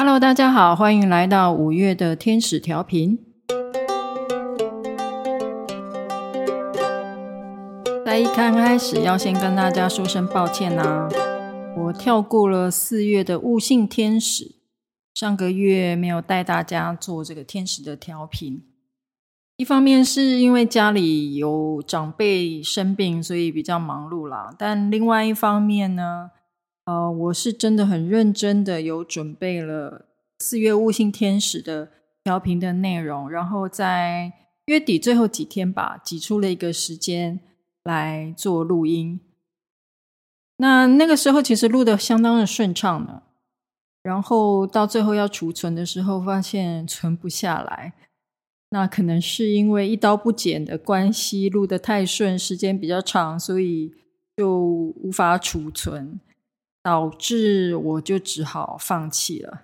Hello，大家好，歡迎來到五月的天使調頻。在一開始要先跟大家說聲抱歉啦、啊。我跳過了四月的悟性天使，上個月沒有帶大家做這個天使的調頻。一方面是因為家裡有長輩生病，所以比較忙碌啦；但另外一方面呢，呃，我是真的很認真的，有準備了四月悟性天使的調頻的內容，然後在月底最後幾天吧，擠出了一個時間來做錄音。那那個時候其實錄得相當的順暢呢，然後到最後要儲存的時候，發現存不下來。那可能是因為一刀不剪的關係，錄得太順，時間比較長，所以就無法儲存。導致我就只好放棄了。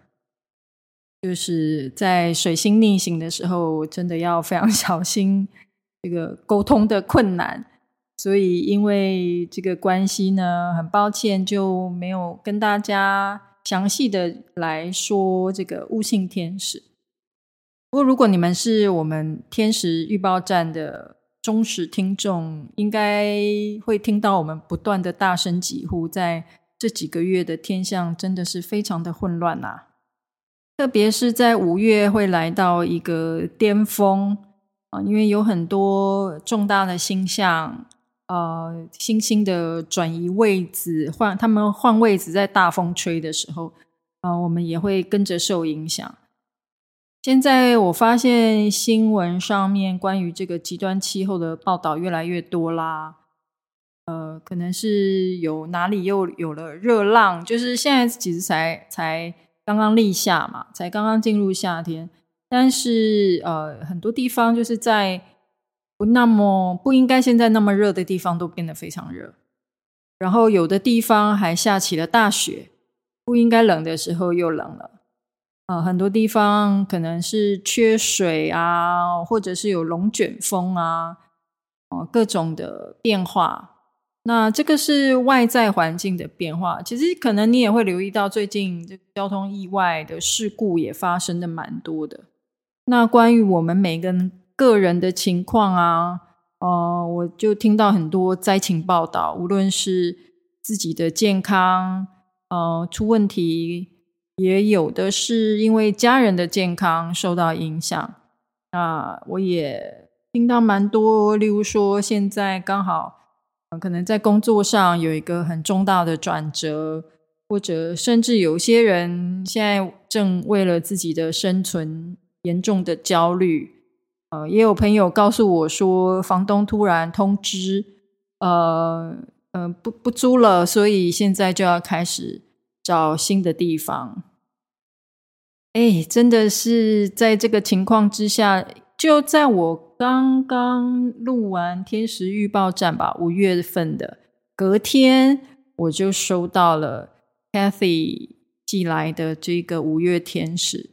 就是，在水星逆行的時候，真的要非常小心這個溝通的困難。所以，因為這個關係呢，很抱歉就沒有跟大家詳細的來說這個悟性天使。不過，如果你們是我們天使預報站的忠實聽眾，應該會聽到我們不斷的大聲疾呼在。這幾個月的天象真的是非常的混亂吶、啊，特別是在五月會來到一個巔峰啊、呃，因為有很多重大的星象，呃，星星的轉移位置換，他們換位置，在大風吹的時候，啊、呃，我們也會跟着受影響。現在我發現新聞上面關於這個極端氣候的報道越來越多啦。呃，可能是有哪裡又有，有了熱浪，就是現在其實才才剛剛立夏嘛，才剛剛進入夏天，但是呃，很多地方就是在不那麼不應該現在那麼熱的地方都變得非常熱，然後有的地方還下起了大雪，不應該冷的時候又冷了啊，呃，很多地方可能是缺水啊，或者是有龍捲風啊，呃，各種的變化。那這個是外在環境的變化，其實可能你也會留意到，最近這交通意外的事故也發生的蠻多的。那關於我們每個人個人的情況啊，呃，我就聽到很多災情報道，無論是自己的健康，呃，出問題，也有的是因為家人的健康受到影響。那，呃，我也聽到蠻多，例如說現在剛好。可能在工作上有一個很重大的轉折，或者甚至有些人現在正為了自己的生存嚴重的焦慮。呃，也有朋友告訴我說，房東突然通知，呃，呃不不租了，所以現在就要開始找新的地方。哎，真的是在這個情況之下，就在我。剛剛錄完天使預報站吧，五月份的，隔天我就收到了 Kathy 寄來的這個五月天使。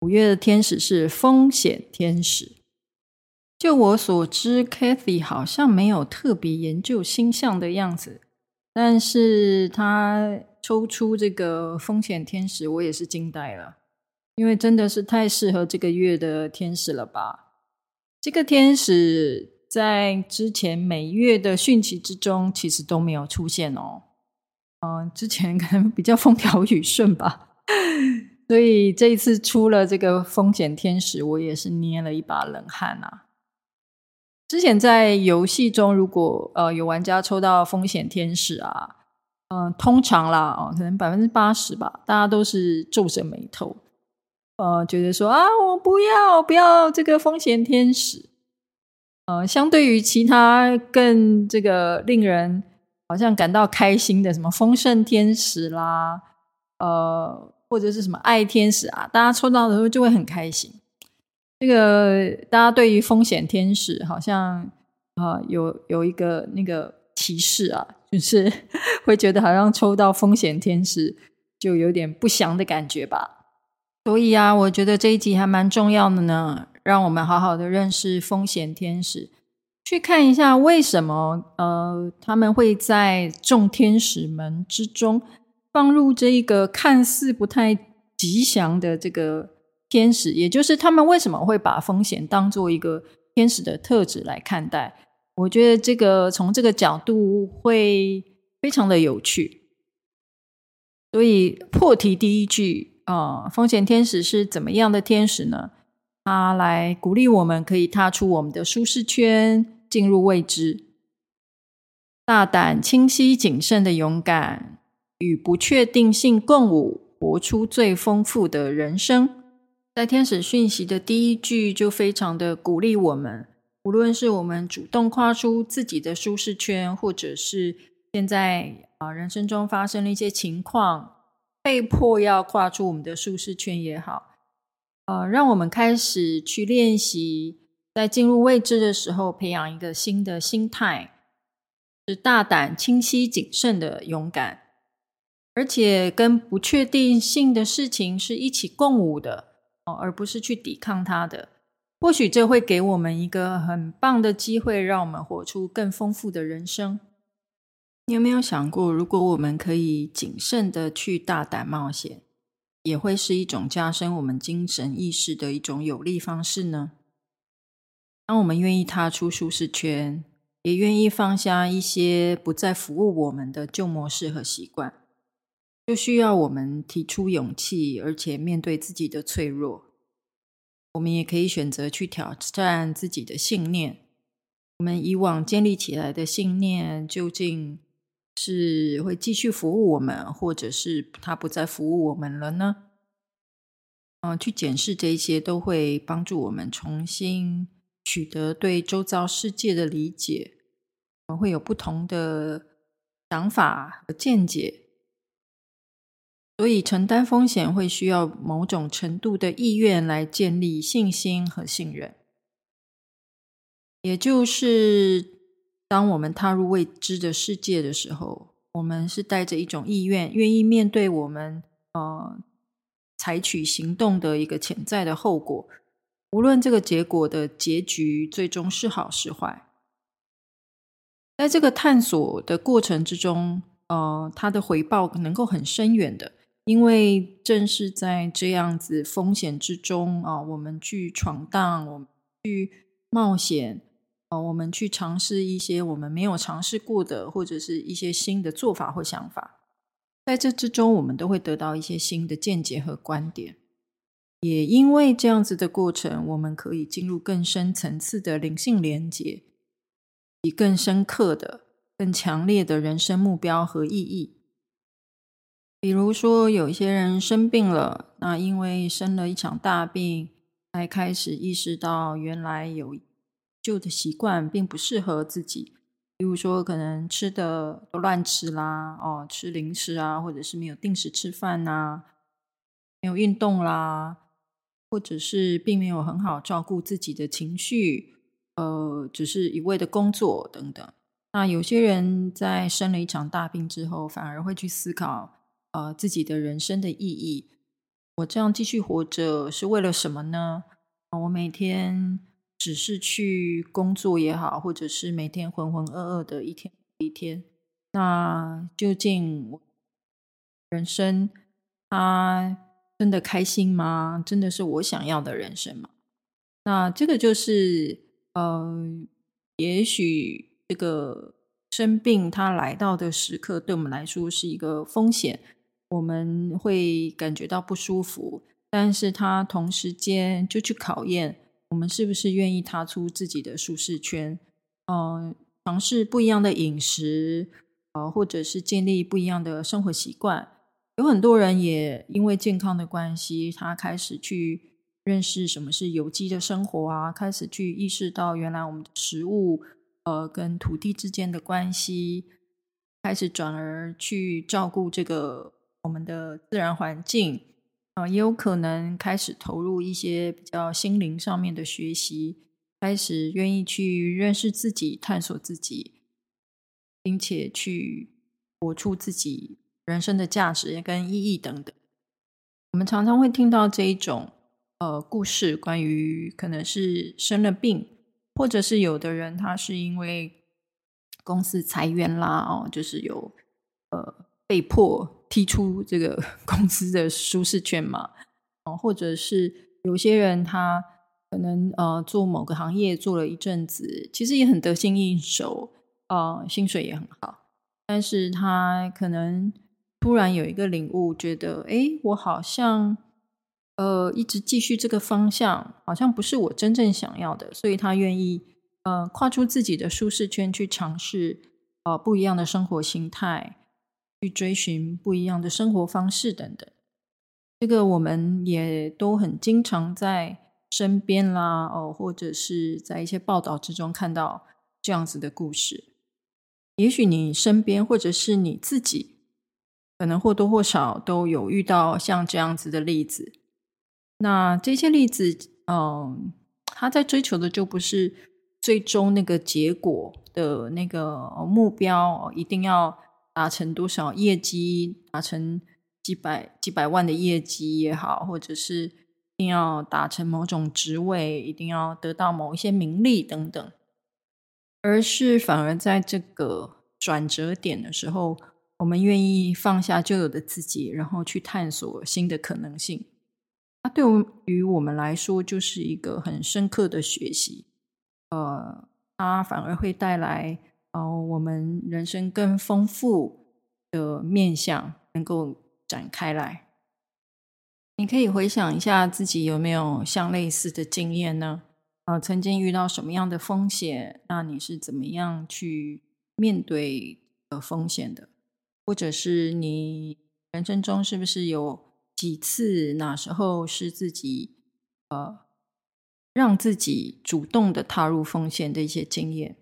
五月的天使是風險天使。就我所知，Kathy 好像沒有特別研究星象的樣子，但是她抽出這個風險天使，我也是驚呆了，因為真的是太適合這個月的天使了吧。這個天使在之前每月的汛期之中，其實都沒有出現哦。嗯、呃，之前可能比較風調雨順吧， 所以這一次出了這個風險天使，我也是捏了一把冷汗啊。之前在遊戲中，如果呃有玩家抽到風險天使啊，嗯、呃，通常啦，哦、呃，可能百分之八十吧，大家都是皺着眉頭。呃，覺得說啊，我不要我不要這個風險天使。呃，相對於其他更這個令人好像感到開心的，什麼豐盛天使啦，呃，或者是什麼愛天使啊，大家抽到的時候就會很開心。這個大家對於風險天使好像啊，呃，有有一個那個提示啊，就是會覺得好像抽到風險天使就有點不祥的感覺吧。所以啊，我覺得這一集還蠻重要的呢。讓我們好好的認識風險天使，去看一下為什麼呃，他們會在眾天使們之中放入這一個看似不太吉祥的這個天使，也就是他們為什麼會把風險當做一個天使的特質來看待。我覺得這個從這個角度會非常的有趣。所以破題第一句。啊、哦，風險天使是怎麼樣的天使呢？他、啊、來鼓勵我們可以踏出我們的舒適圈，進入未知，大膽、清晰、謹慎地勇敢，與不確定性共舞，活出最豐富的人生。在天使訊息的第一句就非常的鼓勵我們，無論是我們主動跨出自己的舒適圈，或者是現在啊人生中發生了一些情況。被迫要跨出我們的舒適圈也好，呃，讓我們開始去練習，在進入未知的時候，培養一個新的心態，是大膽、清晰、謹慎，慎的勇敢，而且跟不確定性的事情是一起共舞的，哦、呃，而不是去抵抗它的。或許這會給我們一個很棒的機會，讓我們活出更豐富的人生。你有沒有想過，如果我們可以謹慎地去大膽冒險，也會是一種加深我們精神意識的一種有力方式呢？當我們願意踏出舒適圈，也願意放下一些不再服務我們的舊模式和習慣，就需要我們提出勇氣，而且面對自己的脆弱。我們也可以選擇去挑戰自己的信念。我們以往建立起來的信念究竟？是會繼續服務我們，或者是他不再服務我們了呢？嗯、呃，去檢視這些都會幫助我們重新取得對周遭世界的理解，我們會有不同的想法和見解。所以承擔風險會需要某種程度的意願來建立信心和信任，也就是。當我們踏入未知的世界的時候，我們是帶着一種意願，願意面對我們呃採取行動的一個潛在的後果，無論這個結果的結局最終是好是壞。在這個探索的過程之中，呃，它的回報能夠很深遠的，因為正是在這樣子風險之中啊，我們去闖蕩，我們去冒險。哦，我們去嘗試一些我們沒有嘗試過的，或者是一些新的做法或想法，在這之中，我們都會得到一些新的見解和觀點。也因為這樣子的過程，我們可以進入更深層次的靈性連接，以更深刻的、更強烈的人生目標和意義。比如說，有一些人生病了，那因為生了一場大病，才開始意識到原來有。舊的習慣並不適合自己，比如說可能吃的都亂吃啦，哦，吃零食啊，或者是沒有定時吃飯吶、啊，沒有運動啦，或者是並沒有很好照顧自己的情緒，呃，只是一味的工作等等。那有些人在生了一場大病之後，反而會去思考，呃，自己的人生的意義，我這樣繼續活着是為了什麼呢？我每天。只是去工作也好，或者是每天渾渾噩噩的一天一天，那究竟我人生他真的開心嗎？真的是我想要的人生嗎？那這個就是呃，也許這個生病它來到的時刻，對我們來說是一個風險，我們會感覺到不舒服，但是它同時間就去考驗。我們是不是願意踏出自己的舒適圈？嗯、呃，嘗試不一樣的飲食，呃，或者是建立不一樣的生活習慣。有很多人也因為健康的關係，他開始去認識什麼是有機的生活啊，開始去意識到原來我們的食物，呃，跟土地之間的關係，開始轉而去照顧這個我們的自然環境。也有可能開始投入一些比較心靈上面的學習，開始願意去認識自己、探索自己，並且去活出自己人生的價值跟意義等等。我們常常會聽到這一種呃故事，關於可能是生了病，或者是有的人他是因為公司裁員啦，哦，就是有呃被迫。跨出這個公司的舒適圈嘛？哦，或者是有些人他可能呃做某個行業做了一陣子，其實也很得心應手，啊、呃，薪水也很好，但是他可能突然有一個領悟，覺得哎，我好像呃一直繼續這個方向，好像不是我真正想要的，所以他願意呃跨出自己的舒適圈去嘗試啊、呃、不一樣的生活形態。去追尋不一樣的生活方式等等，這個我們也都很經常在身邊啦，哦，或者是在一些報道之中看到這樣子的故事。也許你身邊或者是你自己，可能或多或少都有遇到像這樣子的例子。那這些例子，嗯，他在追求的就不是最終那個結果的那個目標，一定要。達成多少業績，達成幾百幾百萬的業績也好，或者是一定要達成某種職位，一定要得到某一些名利等等，而是反而在這個轉折點的時候，我們願意放下舊有的自己，然後去探索新的可能性。它對於我們來說，就是一個很深刻的學習。呃，它反而會帶來。哦，我們人生更豐富的面向能夠展開來。你可以回想一下自己有沒有像類似的經驗呢？啊、呃，曾經遇到什麼樣的風險？那你是怎麼樣去面對的風險的？或者是你人生中是不是有幾次哪時候是自己呃，讓自己主動的踏入風險的一些經驗？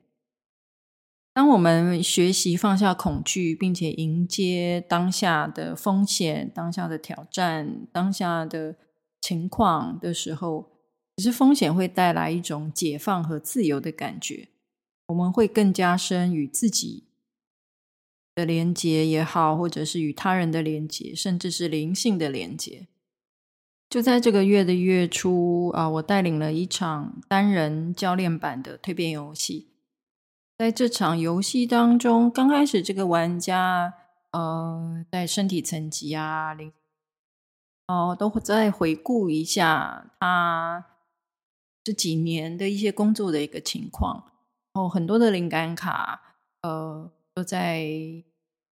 當我們學習放下恐懼，並且迎接當下的風險、當下的挑戰、當下的情況的時候，其實風險會帶來一種解放和自由的感覺。我們會更加深與自己的連接也好，或者是與他人的連接，甚至是靈性的連接。就在這個月的月初啊，我帶領了一場單人教練版的蛻變遊戲。在這場遊戲當中，剛開始這個玩家呃，在身體層級啊，哦、呃、都在回顧一下他這幾年的一些工作的一個情況。然後很多的靈感卡呃都在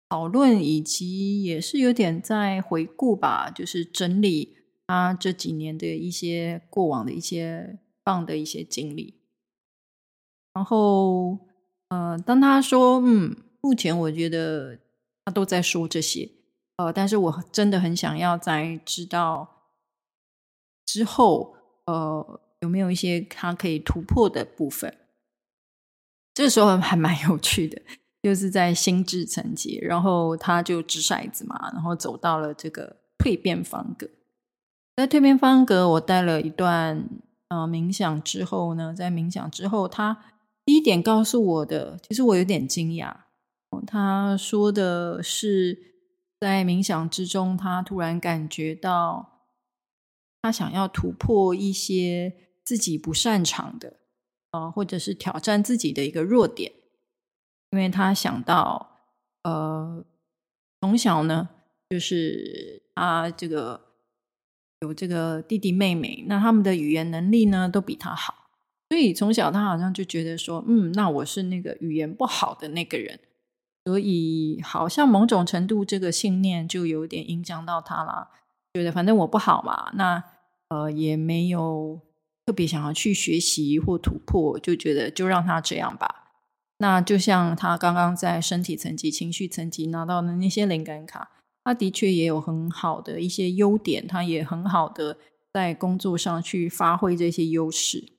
討論，以及也是有點在回顧吧，就是整理他這幾年的一些過往的一些棒的一些經歷，然後。嗯、呃，當他說嗯，目前我覺得他都在說這些，呃，但是我真的很想要在知道之後，呃，有沒有一些他可以突破的部分？這時候還蠻有趣的，就是在心智層級，然後他就擲骰子嘛，然後走到了這個蛻變方格，在蛻變方格，我帶了一段呃冥想之後呢，在冥想之後他。第一點告訴我的，其實我有點驚訝。他說的是，在冥想之中，他突然感覺到他想要突破一些自己不擅長的，啊、呃，或者是挑戰自己的一個弱點。因為他想到，呃，從小呢，就是他這個有這個弟弟妹妹，那他們的語言能力呢，都比他好。所以從小他好像就覺得說，嗯，那我是那個語言不好的那個人，所以好像某種程度這個信念就有點影響到他了。覺得反正我不好嘛，那呃也沒有特別想要去學習或突破，就覺得就讓他這樣吧。那就像他剛剛在身體層級、情緒層級拿到的那些靈感卡，他的確也有很好的一些優點，他也很好的在工作上去發揮這些優勢。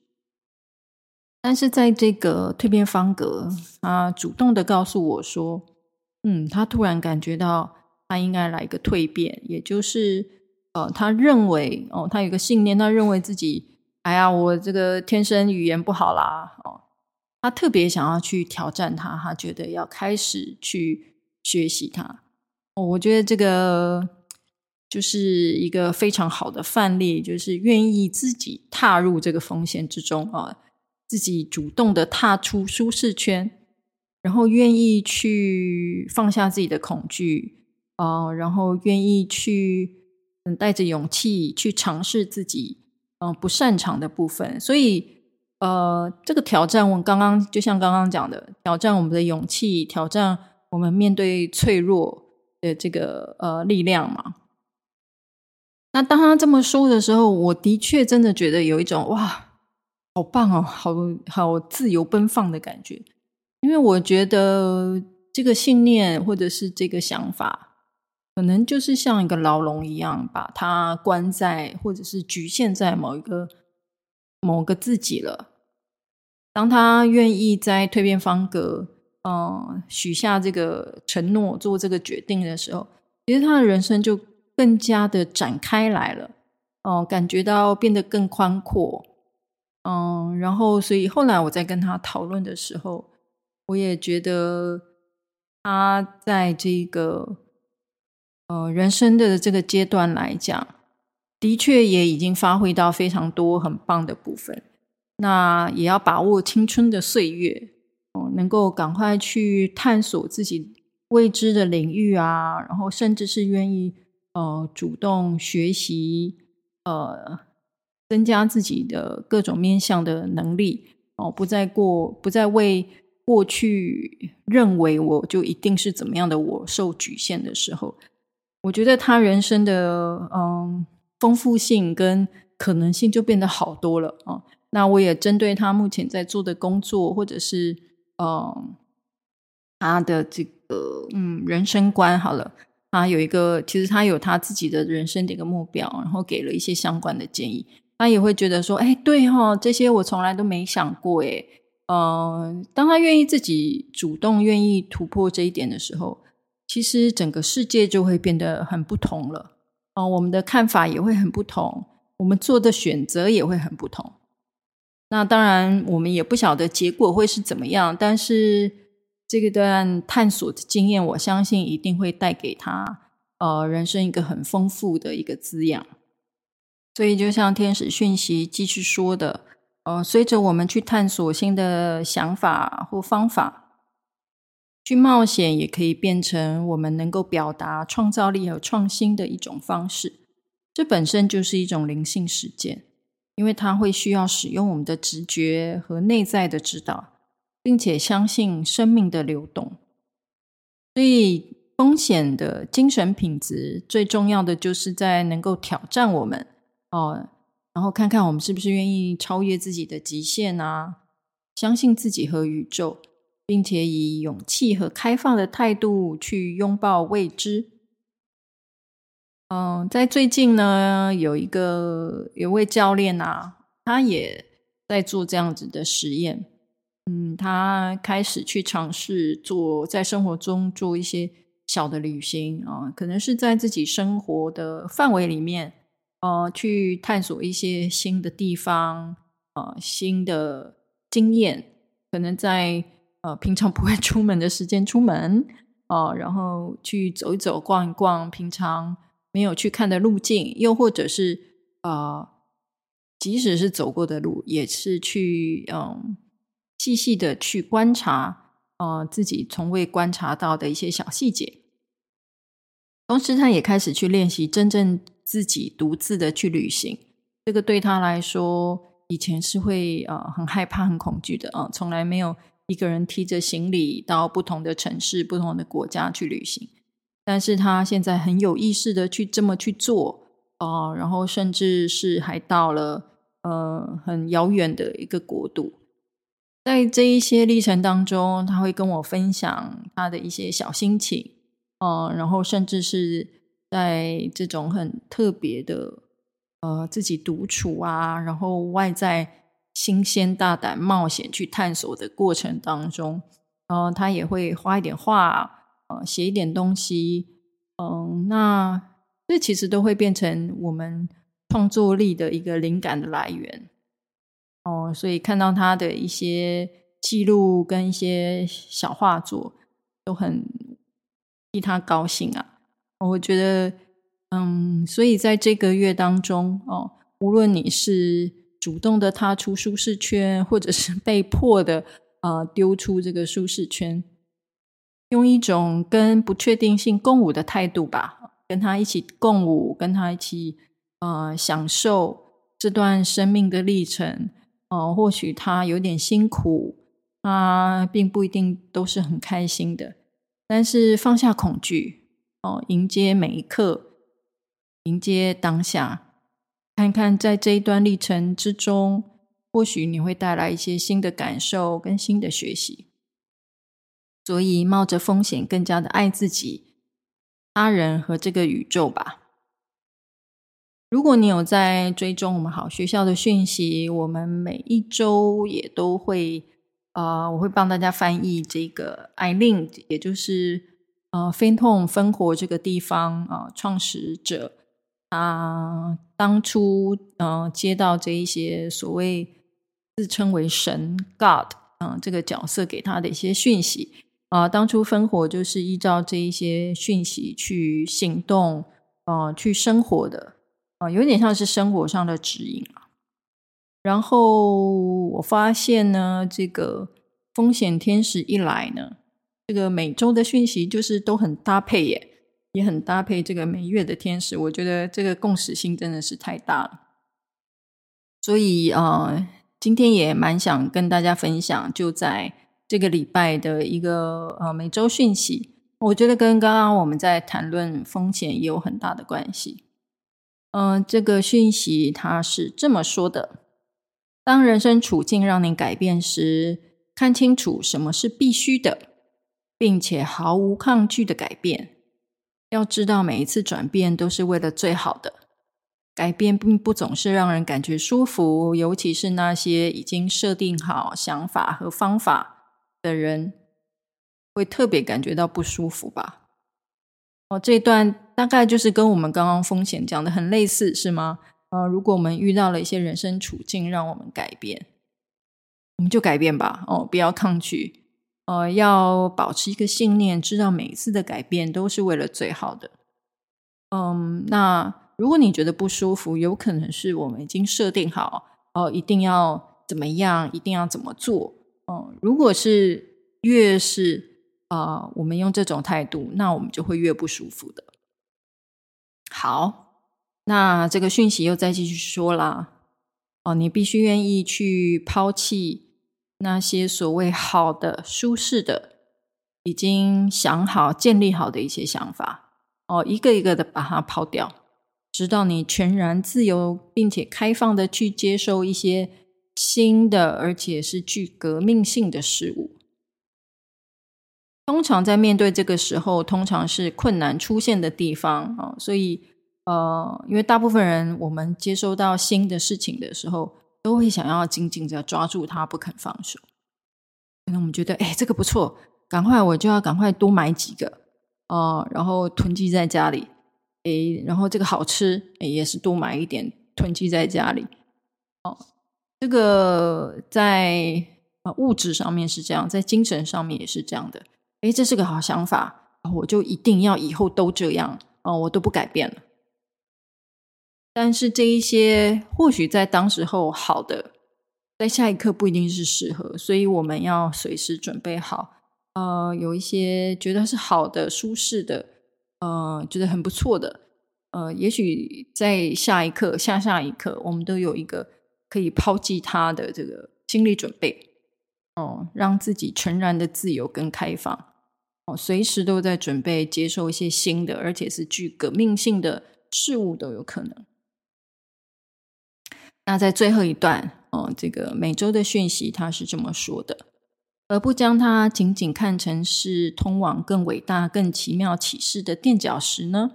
但是在這個蛻變方格，他主動地告訴我說：“嗯，他突然感覺到他應該來一個蛻變，也就是呃，他認為哦，他有個信念，他認為自己，哎呀，我這個天生語言不好啦哦，他特別想要去挑戰他，他覺得要開始去學習他。哦，我覺得這個就是一個非常好的範例，就是願意自己踏入這個風險之中啊。哦”自己主動的踏出舒適圈，然後願意去放下自己的恐懼啊、呃，然後願意去嗯，帶着勇氣去嘗試自己嗯、呃、不擅長的部分。所以呃，這個挑戰，我剛剛就像剛剛講的，挑戰我們的勇氣，挑戰我們面對脆弱的這個呃力量嘛。那當他這麼說的時候，我的確真的覺得有一種哇。好棒哦，好好自由奔放的感覺。因為我覺得這個信念或者是這個想法，可能就是像一個牢籠一樣，把它關在或者是局限在某一個某個自己了。當他願意在蛻變方格，嗯，許下這個承諾，做這個決定的時候，其實他的人生就更加的展開來了，哦、嗯，感覺到變得更寬闊。嗯，然後，所以後來我在跟他討論的時候，我也覺得他在這個呃人生的這個階段來講，的確也已經發揮到非常多很棒的部分。那也要把握青春的歲月，嗯，能夠趕快去探索自己未知的領域啊，然後甚至是願意呃主動學習呃。增加自己的各種面向的能力哦，不再過，不再為過去認為我就一定是怎麼樣的我受局限的時候，我覺得他人生的嗯豐富性跟可能性就變得好多了哦、嗯。那我也針對他目前在做的工作，或者是嗯他的這個嗯人生觀，好了，他有一個其實他有他自己的人生的一個目標，然後給了一些相關的建議。他也會覺得說：“哎，對哈、哦，這些我從來都沒想過。”誒。嗯，當他願意自己主動、願意突破這一點的時候，其實整個世界就會變得很不同了。啊、呃，我們的看法也會很不同，我們做的選擇也會很不同。那當然，我們也不曉得結果會是怎麼樣，但是這個段探索的經驗，我相信一定會帶給他呃人生一個很豐富的一個滋養。所以，就像天使訊息繼續說的，呃，隨着我們去探索新的想法或方法，去冒險也可以變成我們能夠表達創造力和創新的一種方式。這本身就是一種靈性實踐，因為它會需要使用我們的直覺和內在的指導，並且相信生命的流動。所以，風險的精神品質最重要的，就是在能夠挑戰我們。哦，然後看看我們是不是願意超越自己的極限啊，相信自己和宇宙，並且以勇氣和開放的態度去擁抱未知。嗯，在最近呢，有一個，有位教練啊，他也在做這樣子的實驗。嗯，他開始去嘗試做，在生活中做一些小的旅行啊，嗯，可能是在自己生活的範圍裡面。呃，去探索一些新的地方，呃，新的經驗，可能在呃平常不會出門的時間出門，呃，然後去走一走、逛一逛平常沒有去看的路徑，又或者是呃，即使是走過的路，也是去嗯，呃，細細的去觀察，呃，自己從未觀察到的一些小細節。同時，他也開始去練習真正，自己獨自的去旅行，這個對他來說以前是會呃很害怕、很恐懼的啊、呃，從來沒有一個人提着行李到不同的城市、不同的國家去旅行。但是他現在很有意識的去這麼去做啊、呃，然後甚至是還到了呃很遙遠的一個國度。在這一些歷程當中，他會跟我分享他的一些小心情，嗯、呃，然後甚至是。在這種很特別的呃自己獨處啊，然後外在新鮮大膽冒險去探索的過程當中，然、呃、他也會畫一點畫，呃寫一點東西，嗯、呃，那這其實都會變成我們創作力的一個靈感的來源。哦、呃，所以看到他的一些記錄跟一些小畫作，都很替他高興啊。我覺得，嗯，所以在這個月當中，哦，無論你是主動的踏出舒適圈，或者是被迫的，呃，丟出這個舒適圈，用一種跟不確定性共舞的態度吧，跟他一起共舞，跟他一起，呃，享受這段生命的歷程。哦，呃，或許他有點辛苦，他並不一定都是很開心的，但是放下恐懼。迎接每一刻，迎接當下，看看在這一段歷程之中，或許你會帶來一些新的感受跟新的學習。所以，冒着風險，更加的愛自己、他人和這個宇宙吧。如果你有在追蹤我們好學校的訊息，我們每一周也都會，啊、呃，我會幫大家翻譯這個 Eileen，也就是。呃 Findhorn 芬活這個地方啊，uh, 創始者啊，uh, 當初呃、uh, 接到這一些所謂自稱為神 God 啊、uh, 這個角色給他的一些訊息啊，uh, 當初芬活就是依照這一些訊息去行動，呃、uh,，去生活的啊，uh, 有點像是生活上的指引、啊、然後我發現呢，這個風險天使一來呢。這個每週的訊息就是都很搭配耶，也很搭配，這個每月的天使，我覺得這個共識性真的是太大了。所以啊、呃，今天也蠻想跟大家分享，就在這個禮拜的一個呃每週訊息，我覺得跟剛剛我們在談論風險也有很大的關係。嗯、呃，這個訊息它是這麼說的：當人生處境讓你改變時，看清楚什麼是必須的。並且毫無抗拒的改變。要知道，每一次轉變都是為了最好的。改變並不總是讓人感覺舒服，尤其是那些已經設定好想法和方法的人，會特別感覺到不舒服吧？哦，這段大概就是跟我們剛剛風險講的很類似，是嗎？嗯、呃，如果我們遇到了一些人生處境，讓我們改變，我們就改變吧。哦，不要抗拒。呃，要保持一個信念，知道每一次的改變都是為了最好的。嗯，那如果你覺得不舒服，有可能是我們已經設定好哦、呃，一定要怎麼樣，一定要怎麼做。嗯、呃，如果是越是啊、呃，我們用這種態度，那我們就會越不舒服的。好，那這個訊息又再繼續說啦。哦、呃，你必須願意去拋棄。那些所謂好的、舒適的、已經想好、建立好的一些想法，哦，一個一個的把它拋掉，直到你全然自由並且開放的去接受一些新的，而且是具革命性的事物。通常在面對這個時候，通常是困難出現的地方啊，哦，所以呃，因為大部分人，我們接收到新的事情的時候。都會想要緊緊的抓住他不肯放手。可能我們覺得，哎，這個不錯，趕快我就要趕快多買幾個哦，然後囤積在家裡。哎，然後這個好吃，哎，也是多買一點囤積在家裡。哦，這個在物質上面是這樣，在精神上面也是這樣的。哎，這是個好想法，我就一定要以後都這樣。哦，我都不改變了。但是這一些或許在當時候好的，在下一刻不一定是適合，所以我們要隨時準備好。呃，有一些覺得是好的、舒適的，呃，覺得很不錯的，呃，也許在下一刻、下下一刻，我們都有一個可以拋棄他的這個心理準備。哦、呃，讓自己全然的自由跟開放。哦、呃，隨時都在準備接受一些新的，而且是具革命性的事物都有可能。那在最後一段，嗯、哦，這個每周的訊息，它是這麼說的，而不將它僅僅看成是通往更偉大、更奇妙啟示的墊腳石呢？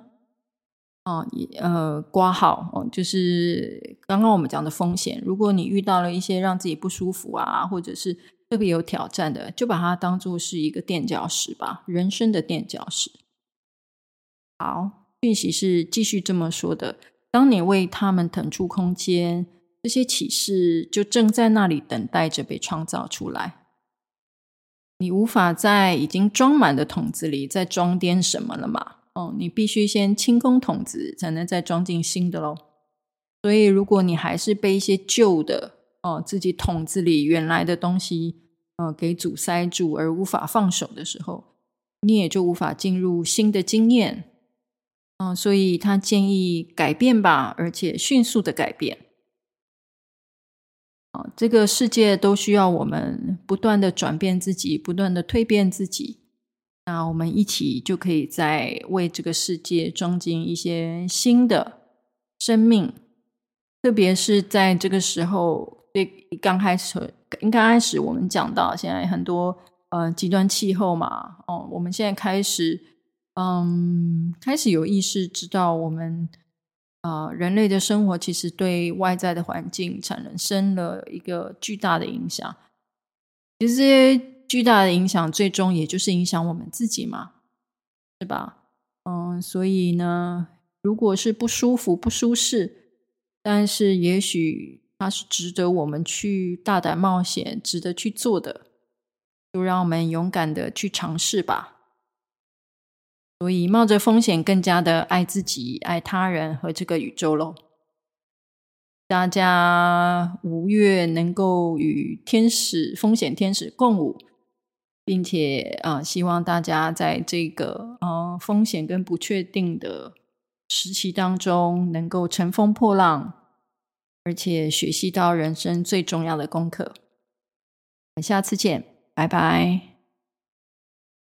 哦，也呃，括號哦，就是剛剛我們講的風險，如果你遇到了一些讓自己不舒服啊，或者是特別有挑戰的，就把它當作是一個墊腳石吧，人生的墊腳石。好，訊息是繼續這麼說的，當你為他們騰出空間，這些啟示就正在那裡等待着被創造出來。你無法在已經裝滿的桶子裡再裝點什麼了嘛？哦，你必須先清空桶子，才能再裝進新的嘍。所以，如果你還是被一些舊的哦，自己桶子裡原來的東西呃給阻塞住而無法放手的時候，你也就無法進入新的經驗。嗯，所以他建議改變吧，而且迅速的改變。這個世界都需要我們不斷的轉變自己，不斷的蛻變自己。那我們一起就可以在為這個世界裝進一些新的生命。特別是在這個時候，對剛開始，剛開始我們講到現在很多呃極端氣候嘛，哦，我們現在開始，嗯，開始有意識知道我們。啊、呃，人類的生活其實對外在的環境產生了一個巨大的影響。其實這些巨大的影響，最終也就是影響我們自己嘛，是吧？嗯、呃，所以呢，如果是不舒服、不舒適，但是也許它是值得我們去大膽冒險、值得去做的，就讓我們勇敢的去嘗試吧。所以，冒着風險，更加的愛自己、愛他人和這個宇宙咯。大家五月能夠與天使、風險天使共舞，並且啊、呃，希望大家在這個嗯、呃，風險跟不確定的時期當中，能夠乘風破浪，而且學習到人生最重要的功課。我們下次見，拜拜。